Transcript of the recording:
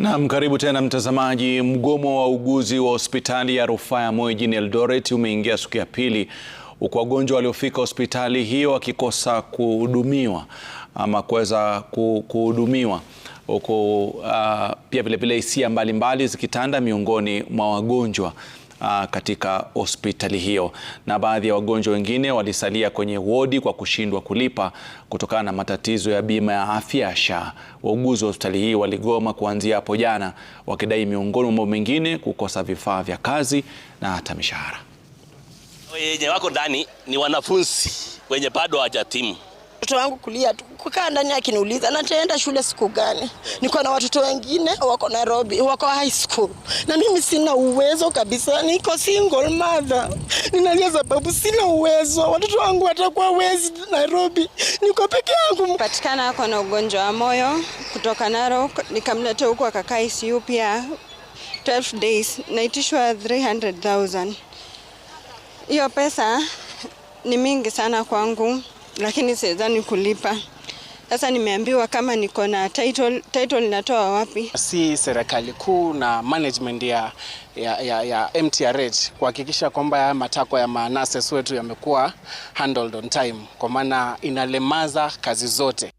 Naam, karibu tena mtazamaji. Mgomo wa wauguzi wa hospitali ya rufaa ya Moi jijini Eldoret umeingia siku ya pili huku wagonjwa waliofika hospitali hiyo wakikosa kuhudumiwa ama kuweza kuhudumiwa huku uh, pia vilevile hisia mbalimbali zikitanda miongoni mwa wagonjwa uh, katika hospitali hiyo, na baadhi ya wagonjwa wengine walisalia kwenye wodi kwa kushindwa kulipa kutokana na matatizo ya bima ya afya ya SHA. Wauguzi wa hospitali hii waligoma kuanzia hapo jana, wakidai miongoni mwa mambo mengine kukosa vifaa vya kazi na hata mishahara. Wenye wako ndani ni wanafunzi wenye bado hawajatimu mtoto wangu kulia tu, kukaa ndani akiniuliza nataenda shule siku gani. Niko na watoto wengine wako Nairobi, wako high school, na mimi sina uwezo kabisa, niko single mother. Ninalia sababu sina uwezo, watoto wangu watakuwa wezi Nairobi, niko peke yangu. Patikana ako na ugonjwa wa moyo kutoka Narok, nikamleta huko akakaa ICU pia 12 days, naitishwa 300,000. Hiyo pesa ni mingi sana kwangu lakini siwezani kulipa. Sasa nimeambiwa kama niko na title, title natoa wapi? Si serikali kuu na management ya, ya, ya, ya MTRH kuhakikisha kwamba haya matakwa ya manurses wetu yamekuwa handled on time, kwa maana inalemaza kazi zote.